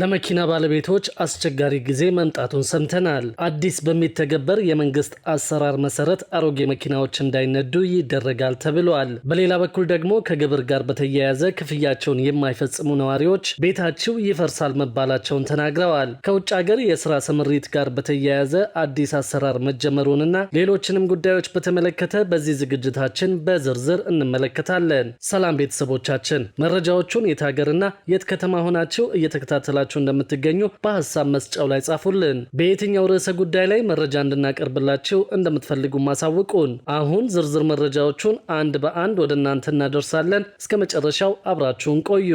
ለመኪና ባለቤቶች አስቸጋሪ ጊዜ መምጣቱን ሰምተናል። አዲስ በሚተገበር የመንግስት አሰራር መሰረት አሮጌ መኪናዎች እንዳይነዱ ይደረጋል ተብሏል። በሌላ በኩል ደግሞ ከግብር ጋር በተያያዘ ክፍያቸውን የማይፈጽሙ ነዋሪዎች ቤታቸው ይፈርሳል መባላቸውን ተናግረዋል። ከውጭ ሀገር የስራ ስምሪት ጋር በተያያዘ አዲስ አሰራር መጀመሩንና ሌሎችንም ጉዳዮች በተመለከተ በዚህ ዝግጅታችን በዝርዝር እንመለከታለን። ሰላም ቤተሰቦቻችን፣ መረጃዎቹን የት ሀገርና የት ከተማ ሆናችሁ እየተከታተላ እየተከታተላችሁ እንደምትገኙ በሀሳብ መስጫው ላይ ጻፉልን። በየትኛው ርዕሰ ጉዳይ ላይ መረጃ እንድናቀርብላችሁ እንደምትፈልጉ ማሳውቁን። አሁን ዝርዝር መረጃዎቹን አንድ በአንድ ወደ እናንተ እናደርሳለን። እስከ መጨረሻው አብራችሁን ቆዩ።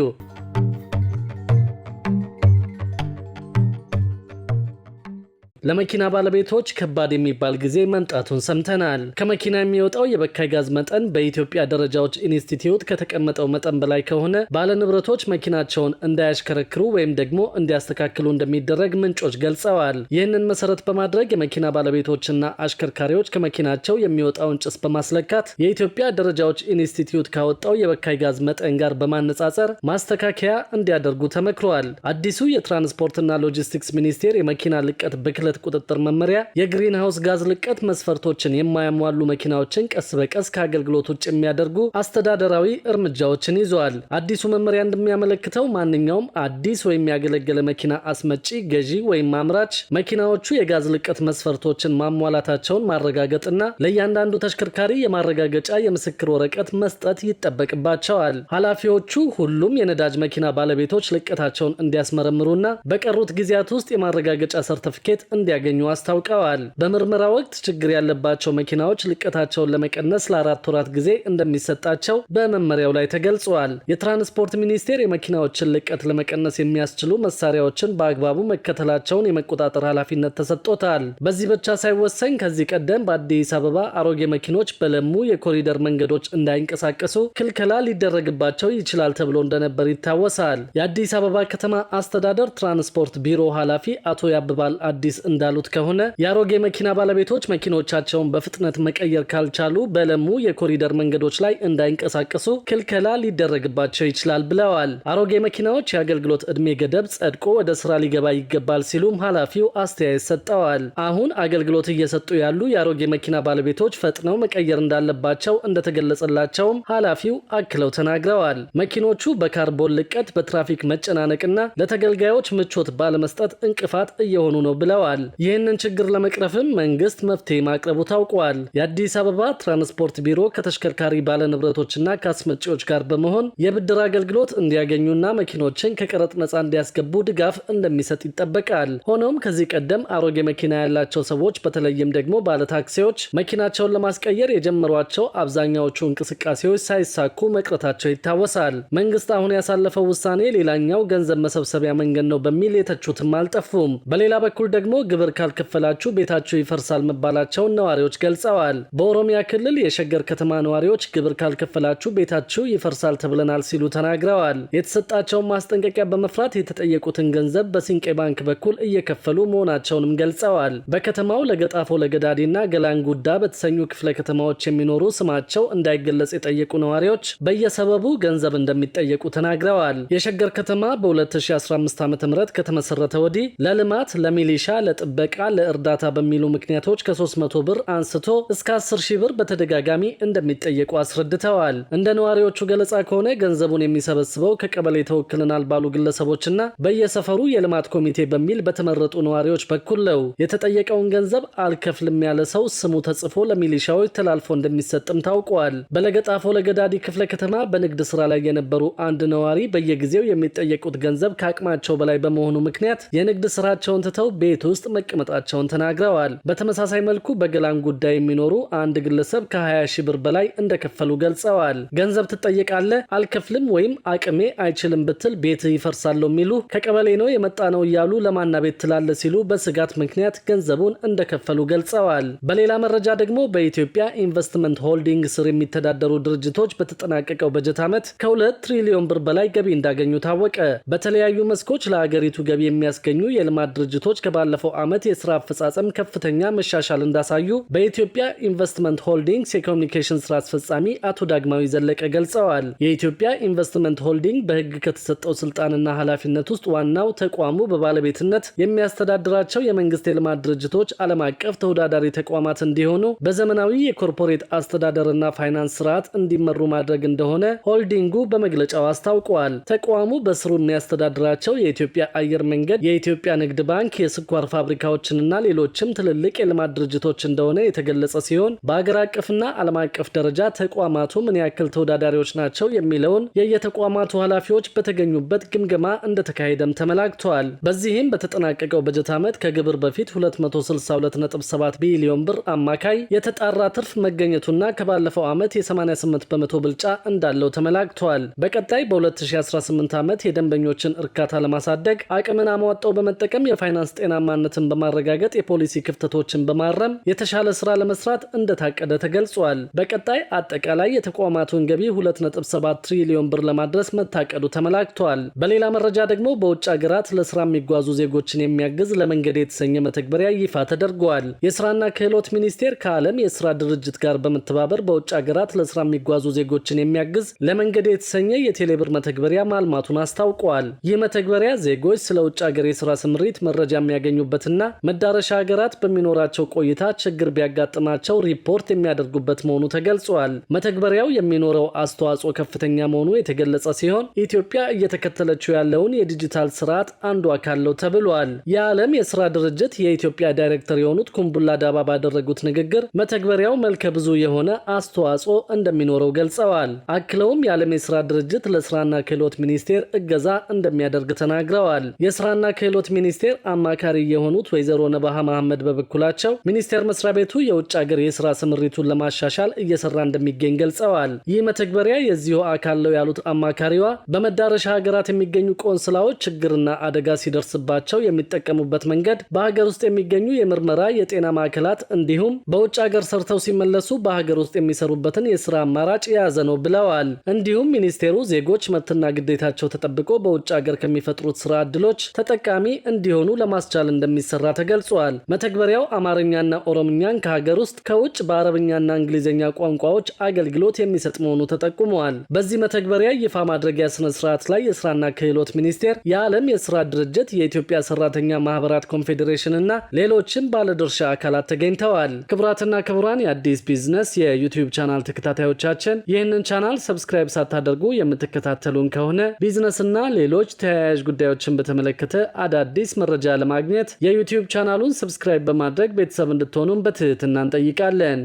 ለመኪና ባለቤቶች ከባድ የሚባል ጊዜ መምጣቱን ሰምተናል። ከመኪና የሚወጣው የበካይ ጋዝ መጠን በኢትዮጵያ ደረጃዎች ኢንስቲትዩት ከተቀመጠው መጠን በላይ ከሆነ ባለንብረቶች መኪናቸውን እንዳያሽከረክሩ ወይም ደግሞ እንዲያስተካክሉ እንደሚደረግ ምንጮች ገልጸዋል። ይህንን መሰረት በማድረግ የመኪና ባለቤቶችና አሽከርካሪዎች ከመኪናቸው የሚወጣውን ጭስ በማስለካት የኢትዮጵያ ደረጃዎች ኢንስቲትዩት ካወጣው የበካይ ጋዝ መጠን ጋር በማነጻጸር ማስተካከያ እንዲያደርጉ ተመክሯል። አዲሱ የትራንስፖርትና ሎጂስቲክስ ሚኒስቴር የመኪና ልቀት ብክለት የብክለት ቁጥጥር መመሪያ የግሪን ሀውስ ጋዝ ልቀት መስፈርቶችን የማያሟሉ መኪናዎችን ቀስ በቀስ ከአገልግሎት ውጭ የሚያደርጉ አስተዳደራዊ እርምጃዎችን ይዘዋል። አዲሱ መመሪያ እንደሚያመለክተው ማንኛውም አዲስ ወይም ያገለገለ መኪና አስመጪ፣ ገዢ ወይም አምራች መኪናዎቹ የጋዝ ልቀት መስፈርቶችን ማሟላታቸውን ማረጋገጥና ለእያንዳንዱ ተሽከርካሪ የማረጋገጫ የምስክር ወረቀት መስጠት ይጠበቅባቸዋል። ኃላፊዎቹ ሁሉም የነዳጅ መኪና ባለቤቶች ልቀታቸውን እንዲያስመረምሩና በቀሩት ጊዜያት ውስጥ የማረጋገጫ ሰርተፍኬት ሰርተፊኬት እንዲያገኙ አስታውቀዋል። በምርመራ ወቅት ችግር ያለባቸው መኪናዎች ልቀታቸውን ለመቀነስ ለአራት ወራት ጊዜ እንደሚሰጣቸው በመመሪያው ላይ ተገልጿል። የትራንስፖርት ሚኒስቴር የመኪናዎችን ልቀት ለመቀነስ የሚያስችሉ መሳሪያዎችን በአግባቡ መከተላቸውን የመቆጣጠር ኃላፊነት ተሰጥቶታል። በዚህ ብቻ ሳይወሰኝ፣ ከዚህ ቀደም በአዲስ አበባ አሮጌ መኪኖች በለሙ የኮሪደር መንገዶች እንዳይንቀሳቀሱ ክልከላ ሊደረግባቸው ይችላል ተብሎ እንደነበር ይታወሳል። የአዲስ አበባ ከተማ አስተዳደር ትራንስፖርት ቢሮ ኃላፊ አቶ ያብባል አዲስ እንዳሉት ከሆነ የአሮጌ መኪና ባለቤቶች መኪኖቻቸውን በፍጥነት መቀየር ካልቻሉ በለሙ የኮሪደር መንገዶች ላይ እንዳይንቀሳቀሱ ክልከላ ሊደረግባቸው ይችላል ብለዋል። አሮጌ መኪናዎች የአገልግሎት ዕድሜ ገደብ ጸድቆ ወደ ስራ ሊገባ ይገባል ሲሉም ኃላፊው አስተያየት ሰጠዋል። አሁን አገልግሎት እየሰጡ ያሉ የአሮጌ መኪና ባለቤቶች ፈጥነው መቀየር እንዳለባቸው እንደተገለጸላቸውም ኃላፊው አክለው ተናግረዋል። መኪኖቹ በካርቦን ልቀት፣ በትራፊክ መጨናነቅና ለተገልጋዮች ምቾት ባለመስጠት እንቅፋት እየሆኑ ነው ብለዋል። ተናግረዋል። ይህንን ችግር ለመቅረፍም መንግስት መፍትሄ ማቅረቡ ታውቋል። የአዲስ አበባ ትራንስፖርት ቢሮ ከተሽከርካሪ ባለንብረቶችና ከአስመጪዎች ጋር በመሆን የብድር አገልግሎት እንዲያገኙና መኪኖችን ከቀረጥ ነጻ እንዲያስገቡ ድጋፍ እንደሚሰጥ ይጠበቃል። ሆኖም ከዚህ ቀደም አሮጌ መኪና ያላቸው ሰዎች በተለይም ደግሞ ባለታክሲዎች መኪናቸውን ለማስቀየር የጀመሯቸው አብዛኛዎቹ እንቅስቃሴዎች ሳይሳኩ መቅረታቸው ይታወሳል። መንግስት አሁን ያሳለፈው ውሳኔ ሌላኛው ገንዘብ መሰብሰቢያ መንገድ ነው በሚል የተቹትም አልጠፉም። በሌላ በኩል ደግሞ ግብር ካልከፈላችሁ ቤታችሁ ይፈርሳል መባላቸውን ነዋሪዎች ገልጸዋል። በኦሮሚያ ክልል የሸገር ከተማ ነዋሪዎች ግብር ካልከፈላችሁ ቤታችሁ ይፈርሳል ተብለናል ሲሉ ተናግረዋል። የተሰጣቸውን ማስጠንቀቂያ በመፍራት የተጠየቁትን ገንዘብ በሲንቄ ባንክ በኩል እየከፈሉ መሆናቸውንም ገልጸዋል። በከተማው ለገጣፎ ለገዳዲና ገላንጉዳ በተሰኙ ክፍለ ከተማዎች የሚኖሩ ስማቸው እንዳይገለጽ የጠየቁ ነዋሪዎች በየሰበቡ ገንዘብ እንደሚጠየቁ ተናግረዋል። የሸገር ከተማ በ2015 ዓ ም ከተመሰረተ ወዲህ ለልማት ለሚሊሻ ለ ለጥበቃ ለእርዳታ በሚሉ ምክንያቶች ከ300 ብር አንስቶ እስከ 10 ሺህ ብር በተደጋጋሚ እንደሚጠየቁ አስረድተዋል። እንደ ነዋሪዎቹ ገለጻ ከሆነ ገንዘቡን የሚሰበስበው ከቀበሌ ተወክልናል ባሉ ግለሰቦችና በየሰፈሩ የልማት ኮሚቴ በሚል በተመረጡ ነዋሪዎች በኩል ነው። የተጠየቀውን ገንዘብ አልከፍልም ያለ ሰው ስሙ ተጽፎ ለሚሊሻዎች ተላልፎ እንደሚሰጥም ታውቋል። በለገጣፎ ለገዳዲ ክፍለ ከተማ በንግድ ስራ ላይ የነበሩ አንድ ነዋሪ በየጊዜው የሚጠየቁት ገንዘብ ከአቅማቸው በላይ በመሆኑ ምክንያት የንግድ ስራቸውን ትተው ቤት ውስጥ ውስጥ መቀመጣቸውን ተናግረዋል። በተመሳሳይ መልኩ በገላን ጉዳይ የሚኖሩ አንድ ግለሰብ ከ20 ሺ ብር በላይ እንደከፈሉ ገልጸዋል። ገንዘብ ትጠየቃለ፣ አልከፍልም ወይም አቅሜ አይችልም ብትል ቤት ይፈርሳለሁ የሚሉ ከቀበሌ ነው የመጣ ነው እያሉ ለማና ቤት ትላለ ሲሉ በስጋት ምክንያት ገንዘቡን እንደከፈሉ ገልጸዋል። በሌላ መረጃ ደግሞ በኢትዮጵያ ኢንቨስትመንት ሆልዲንግ ስር የሚተዳደሩ ድርጅቶች በተጠናቀቀው በጀት ዓመት ከሁለት ትሪሊዮን ብር በላይ ገቢ እንዳገኙ ታወቀ። በተለያዩ መስኮች ለአገሪቱ ገቢ የሚያስገኙ የልማት ድርጅቶች ከባለፈው ዓመት የስራ አፈጻጸም ከፍተኛ መሻሻል እንዳሳዩ በኢትዮጵያ ኢንቨስትመንት ሆልዲንግስ የኮሚኒኬሽን ስራ አስፈጻሚ አቶ ዳግማዊ ዘለቀ ገልጸዋል። የኢትዮጵያ ኢንቨስትመንት ሆልዲንግ በሕግ ከተሰጠው ስልጣንና ኃላፊነት ውስጥ ዋናው ተቋሙ በባለቤትነት የሚያስተዳድራቸው የመንግስት የልማት ድርጅቶች ዓለም አቀፍ ተወዳዳሪ ተቋማት እንዲሆኑ በዘመናዊ የኮርፖሬት አስተዳደርና ፋይናንስ ስርዓት እንዲመሩ ማድረግ እንደሆነ ሆልዲንጉ በመግለጫው አስታውቀዋል። ተቋሙ በስሩ የሚያስተዳድራቸው የኢትዮጵያ አየር መንገድ፣ የኢትዮጵያ ንግድ ባንክ፣ የስኳር ፋብሪ ፋብሪካዎችንና ሌሎችም ትልልቅ የልማት ድርጅቶች እንደሆነ የተገለጸ ሲሆን በአገር አቀፍና ዓለም አቀፍ ደረጃ ተቋማቱ ምን ያክል ተወዳዳሪዎች ናቸው የሚለውን የየተቋማቱ ኃላፊዎች በተገኙበት ግምገማ እንደተካሄደም ተመላክተዋል። በዚህም በተጠናቀቀው በጀት ዓመት ከግብር በፊት 262.7 ቢሊዮን ብር አማካይ የተጣራ ትርፍ መገኘቱና ከባለፈው ዓመት የ88 በመቶ ብልጫ እንዳለው ተመላክተዋል። በቀጣይ በ2018 ዓመት የደንበኞችን እርካታ ለማሳደግ አቅምን አሟጠው በመጠቀም የፋይናንስ ጤናማነት ጥራትን በማረጋገጥ የፖሊሲ ክፍተቶችን በማረም የተሻለ ስራ ለመስራት እንደታቀደ ተገልጿል። በቀጣይ አጠቃላይ የተቋማቱን ገቢ 2.7 ትሪሊዮን ብር ለማድረስ መታቀዱ ተመላክቷል። በሌላ መረጃ ደግሞ በውጭ ሀገራት ለስራ የሚጓዙ ዜጎችን የሚያግዝ ለመንገድ የተሰኘ መተግበሪያ ይፋ ተደርጓል። የስራና ክህሎት ሚኒስቴር ከዓለም የስራ ድርጅት ጋር በመተባበር በውጭ ሀገራት ለስራ የሚጓዙ ዜጎችን የሚያግዝ ለመንገድ የተሰኘ የቴሌብር መተግበሪያ ማልማቱን አስታውቋል። ይህ መተግበሪያ ዜጎች ስለ ውጭ ሀገር የስራ ስምሪት መረጃ የሚያገኙበት የሚያደርጉበትና መዳረሻ ሀገራት በሚኖራቸው ቆይታ ችግር ቢያጋጥማቸው ሪፖርት የሚያደርጉበት መሆኑ ተገልጿል። መተግበሪያው የሚኖረው አስተዋጽኦ ከፍተኛ መሆኑ የተገለጸ ሲሆን ኢትዮጵያ እየተከተለችው ያለውን የዲጂታል ስርዓት አንዱ አካል ነው ተብሏል። የዓለም የስራ ድርጅት የኢትዮጵያ ዳይሬክተር የሆኑት ኩምቡላ ዳባ ባደረጉት ንግግር መተግበሪያው መልከ ብዙ የሆነ አስተዋጽኦ እንደሚኖረው ገልጸዋል። አክለውም የዓለም የስራ ድርጅት ለስራና ክህሎት ሚኒስቴር እገዛ እንደሚያደርግ ተናግረዋል። የስራና ክህሎት ሚኒስቴር አማካሪ የሆነ የሆኑት ወይዘሮ ነባሃ መሐመድ በበኩላቸው ሚኒስቴር መስሪያ ቤቱ የውጭ ሀገር የስራ ስምሪቱን ለማሻሻል እየሰራ እንደሚገኝ ገልጸዋል። ይህ መተግበሪያ የዚሁ አካል ነው ያሉት አማካሪዋ በመዳረሻ ሀገራት የሚገኙ ቆንስላዎች ችግርና አደጋ ሲደርስባቸው የሚጠቀሙበት መንገድ በሀገር ውስጥ የሚገኙ የምርመራ የጤና ማዕከላት እንዲሁም በውጭ ሀገር ሰርተው ሲመለሱ በሀገር ውስጥ የሚሰሩበትን የስራ አማራጭ የያዘ ነው ብለዋል። እንዲሁም ሚኒስቴሩ ዜጎች መብትና ግዴታቸው ተጠብቆ በውጭ ሀገር ከሚፈጥሩት ስራ እድሎች ተጠቃሚ እንዲሆኑ ለማስቻል እንደሚ እንደሚሰራ ተገልጿል። መተግበሪያው አማርኛና ኦሮምኛን ከሀገር ውስጥ ከውጭ በአረብኛና እንግሊዝኛ ቋንቋዎች አገልግሎት የሚሰጥ መሆኑ ተጠቁመዋል። በዚህ መተግበሪያ ይፋ ማድረጊያ ስነ ስርዓት ላይ የስራና ክህሎት ሚኒስቴር፣ የዓለም የስራ ድርጅት፣ የኢትዮጵያ ሰራተኛ ማህበራት ኮንፌዴሬሽን እና ሌሎችም ባለድርሻ አካላት ተገኝተዋል። ክቡራትና ክቡራን የአዲስ ቢዝነስ የዩቲዩብ ቻናል ተከታታዮቻችን ይህንን ቻናል ሰብስክራይብ ሳታደርጉ የምትከታተሉን ከሆነ ቢዝነስና ሌሎች ተያያዥ ጉዳዮችን በተመለከተ አዳዲስ መረጃ ለማግኘት የዩቲዩብ ቻናሉን ሰብስክራይብ በማድረግ ቤተሰብ እንድትሆኑን በትህትና እንጠይቃለን።